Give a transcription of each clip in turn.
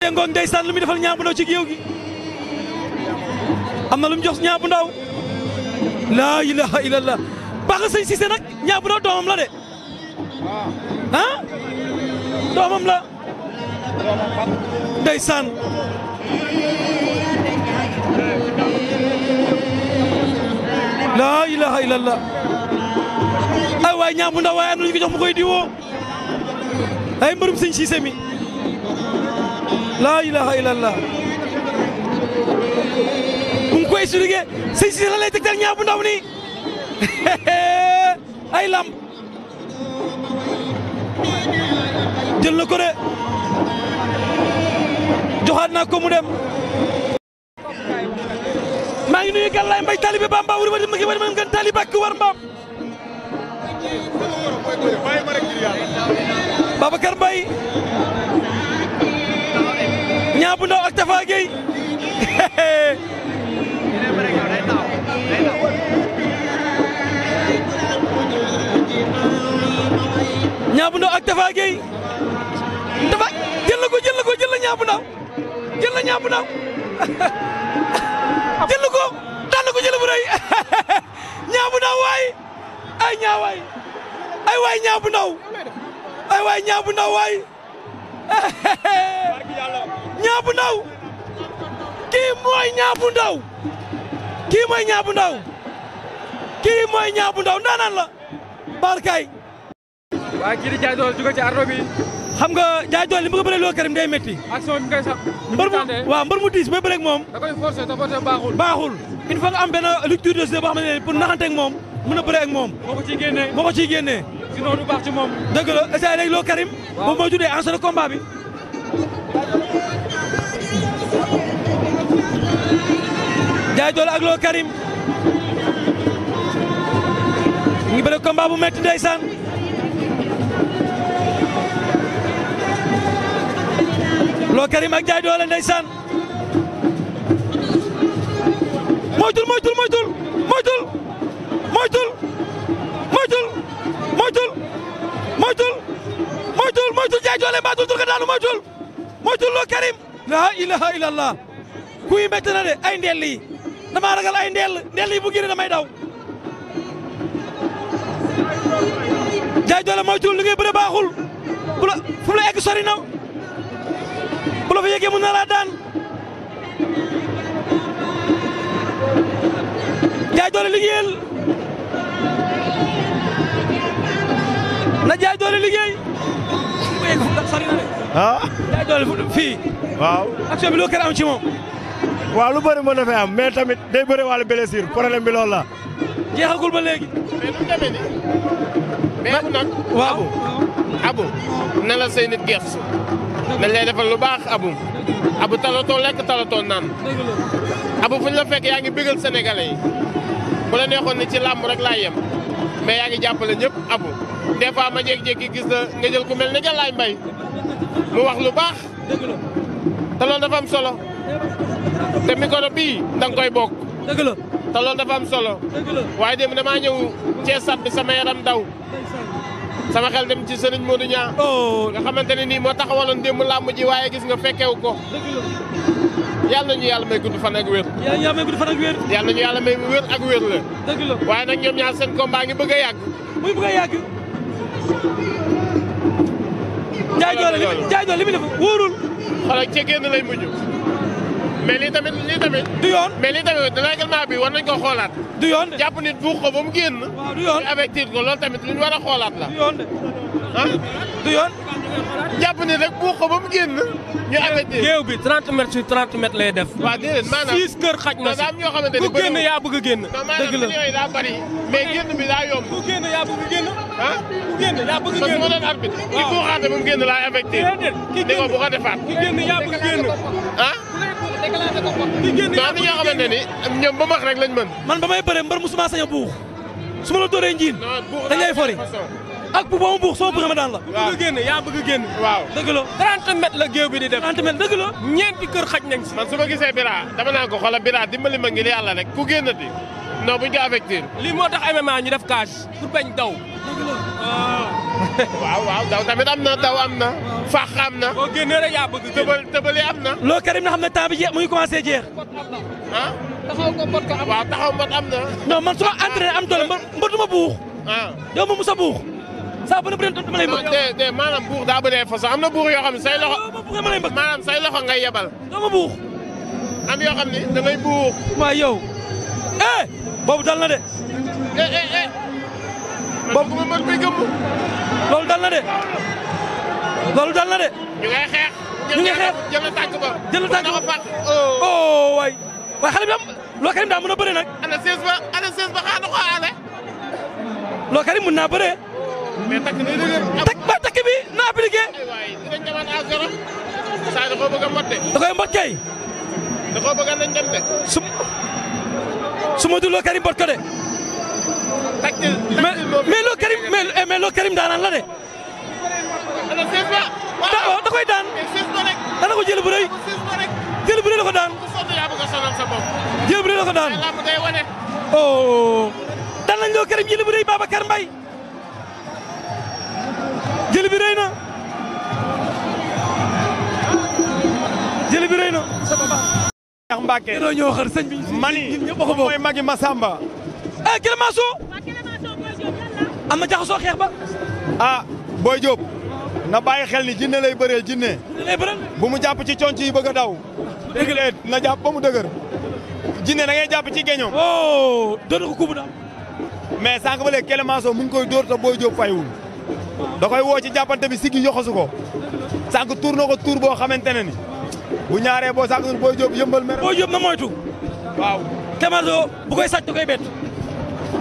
ngoog ndeysaan lu mu defal ñaa ci géew na lu jox ñaa bu ndaw laa ilaha illallah baax sëñ Cissé nag ñaa bu ndaw doomam la de ah doomam la ndeysaan laa ilaha illallah ay waay ñaa ndaw waaye am na koy diwoo ay mbërum sëñ Cissé mi laa ilaha illallah bu ngi koy expliqué sëñ si lan lay tegtal ñaar bu ndaw nii ay lamb jël na ko de joxaat naa ko mu dem maa ngi nuyu Gàllaay Mbay taalibe Bamba wuri ma dem ki ma dem gën taali bàkk war mbaam Babacar Mbaye Moustapha Gueye Niang bu Ndaw ak Tapha Gueye Tapha jël na ko jël na ko jël na Niang waay ay ñaa ay waay Niang ay waay Niang waay Niang kii mooy ñaa bu Ndaw kii mooy Niang bu Ndaw kii mooy bu Ndaw ndaanaan la barkaay waaye kii di Ndiaye Doole jóge ci bi xam nga Ndiaye Doole li mu ko bëree Karim day métti action bi ngay sax mbër mu waaw mbër mu diis ba bëreeg moom da koy forcer te forcer baaxul baaxul il faut nga am benn lecture de jeu boo xam ne moom mën a bëree moom moo ko ciy génnee moo ko ciy génnee sinon du baax ci moom dëgg la essayé léegi loo Karim boobu mooy tuddee en combat bi Ndiaye Doole ak Lo Karim mu ngi bëre combat bu metti ndeysaan Lo Karim ak Ndiaye Doole ndeysaan moytul moytul moytul moytul moytul moytul moytul moytul moytul moytul Ndiaye Doole mbaa dul ka daanu moytul moytul Lo Karim la ilaha illallah kuy metti na de ay ndel yi damaa ragal ay ndell ndell yi bu génne damay daw. jaay doole moytuwul li ngay baaxul bu la fu la egg sori na bu daan jaay doole liggéeyal na jaay doole liggéey bu egg fu la sori na de. Ah. fii. waaw action bi loo kër am ci waaw lu bëri mën na am mais tamit day bëri wàllu blessure problème bi loolu la. jeexagul ba léegi. mais nu demee nii. mais nag waaw abu na la say nit gerte. nañ lay defal lu baax abu. abu talatoo lekk talatoo naan. abu fu la fekk yaa ngi bégal sénégalais yi. la neexoon ni ci làmb rek laa yem. mais yaa ngi jàppale ñëpp abu. des fois ma jékki-jékki gis na nga jël ku mel ne Galaye Mbaye mu wax lu baax. te loolu dafa am solo. te micro bii da nga koy bokk. dëgg la solo. dëgg waaye démb damaa ñëw cee sat bi sama yaram daw. sama xel dem ci Serigne Modou Niang. Oh. nga xamante ne nii moo taxawaloon démb làmb ji waaye gis nga fekkewu ko. dëgg la yàlla nañu yàlla may gudd fan ak wér. yàlla yàlla ñu gudd fan ak wér. ak wér la. waaye nag ñoom ñaar seen combat ngi bëgg a yàgg. muy bëgg a yàgg. jaay doole li muy jaay doole li muy def wóorul. xoolal ci génn lay mujj. mais lii tamit lii tamit. du yoon mais lii tamit règlement bi war nañ ko xoolaat. du yoon de jàpp nit buux ko ba mu génn. waaw du yoon ko loolu tamit lu war a xoolaat la. du du yoon. jàpp nit rek buux ko ba mu génn. ñu arrêté géew bi 30 mètres sur lay def. waaw déedéet maanaam 6 kër xaj na si ku génn yaa bëgg a génn. dëgg la yooyu daa bari mais génn bi daa yomb. ku génn yaa bëgg a génn. ah ku génn yaa bëgg a génn. parce que ma doon arbitre. waaw ki buuxaate ba mu génn laay affecté. déedéet ki génn a daa di nga xamante ni ñoom ba max rek lañ mën man ba may bëre mu musuma sañ a buux su ma la dooree njiin dañ lay fori ak bu boobu buux soo bëgg ma daan la bu bëgg a génn yaa bëgg a génn waaw dëgg la 30 mètres la géew bi di def 30 mètres dëgg la ñeenti kër xaj nañ si man su ma gisee bira dama naan ko xoola bira dimbali ma ngir yàlla rek ku génnati non buñ ko affecté lii moo tax MMA ñu def cage pour bañ daw waaw waaw daw tamit am na daw am na. faax am na. boo génnee rek yaa bëgg tëbal tëbali am na. loo Karim na xam ne temps jeex mu ngi commencé jeex. ah. taxaw ko mbot ko am waaw taxaw mbot am na. non man su ma am doole mbot ma buux. ah yow musa buux. saa bu ne bu dee dama lay mbëkk. non de de am na buux yoo xam ne say loxo. Ah, maanaam say loxo ngay yebal. doo buux. am yoo xam ne buux. waaw yow. eh boobu dal de. Eh, eh, eh, bokk ma mbër mi loolu dal na de loolu dal na de. ñu ngay xeex. ñu ngi ba jël na tànk ba fàtt. oh waay waaye xale bi am Lô Karim daa mën a bëre nag. ba ana 16 ba xaaral ko aale. naa bëree. takk ba takk bi na appliqué. waay dinañ demoon à zéro. saa da koo bëgg a de. mais mais loo Karim mais eh, mais loo Karim daanaan la de. Oh, da koy daan. dana ko jël bu rëy. jël bu rëy la ko daan. jël bu rëy la ko oh. loo Karim jël bu rëy Babacar Mbaye. jël bi rëy na. jël bi rëy na. Mbacke. yéen a ñëw ah eh, Clémenceau. na jaxasoo xeex ba. ah Boy Diop. na bàyyi xel ni jinne lay bëreel jinne. bu mu jàpp ci conc yi bëgg a eh, na jàpp ba mu dëgër. jinne da ngay jàpp ci geñoom. oh dëgg ko kubu daal. mais sànq ba léegi Clémenceau mu ngi koy dóor te Boy Diop faywul da koy woo ci jàppante bi siggi ko sànq tuur na ko tuur boo xamante ne ni bu ñaaree boo sànq Boy Diop yëmbal mer. Boy Diop moytu. waaw Clémenceau bu koy sàcc da koy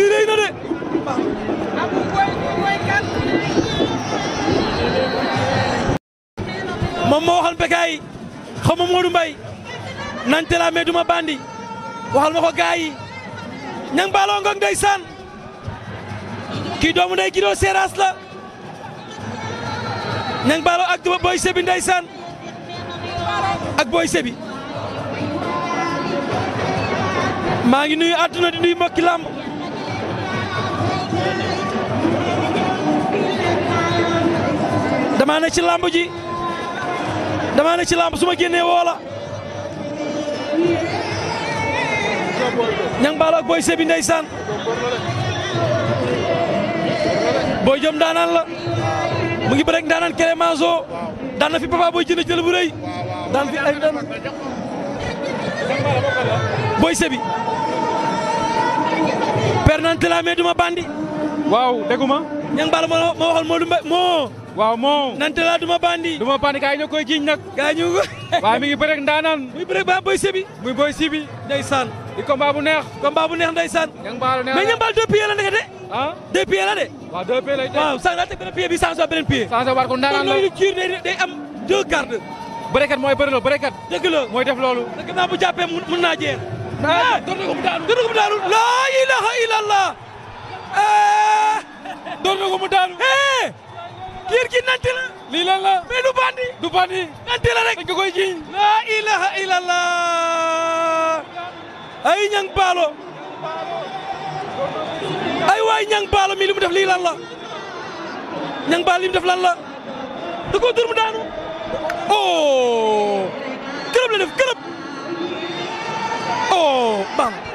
lii rëy moom moo waxal Bécaye xaw ma Modou Mbaye nañ tela mais duma bandi waxal ma ko gaa yi ñang baaloo ngong kii doomu nday gidoo seeraas la ñang baaloo ak boy sebi ndeysaan ak boy sebi maa ngi nuy àdduna di nuyu mbokki damaa ne ci làmb ji damaa ci làmb su ma génnee woo la ñang baalo ak booy sebi ndeysaan booy jom daanaan la mu ngi bërek daanaan Clémenceau daan na fi papa booy jënd jël bu daan fi ay daan booy sebi pernante la mais duma bandi waaw dégguma ñang baalo moo ma waxoon moo moo waaw moom nante laa duma bandi duma bandi gaa yi ñoo koy jiiñ nag gaa ñu waaye mi ngi bërek ndaanaan muy bërek ba boy sibi muy boy sibi ndeysaan di combat bu neex combat bu neex ndeysaan mais ñambal deux pieds la ndeke de ah deux pieds la de waaw deux pieds la waaw sang daa teg beneen pied beneen pied sang war ko ndaanaan la loolu jiir day am mooy bëri loolu mooy def loolu dëgg naa bu naa jeex ah, door na ko mu daanu door na ko mu daanu laa ilaha illallah eh! door mu eh! yéen ki nanti la. la mais du bandi. du bandi nanti rek. dañ ko koy jiiñ. laa ay ñang baalo. ay waay ñang baalo mi li mu def lii lan la. ñang baalo li mu lan la. da koo dur mu daanu. oh. kërëb la def kërëb. oh bam.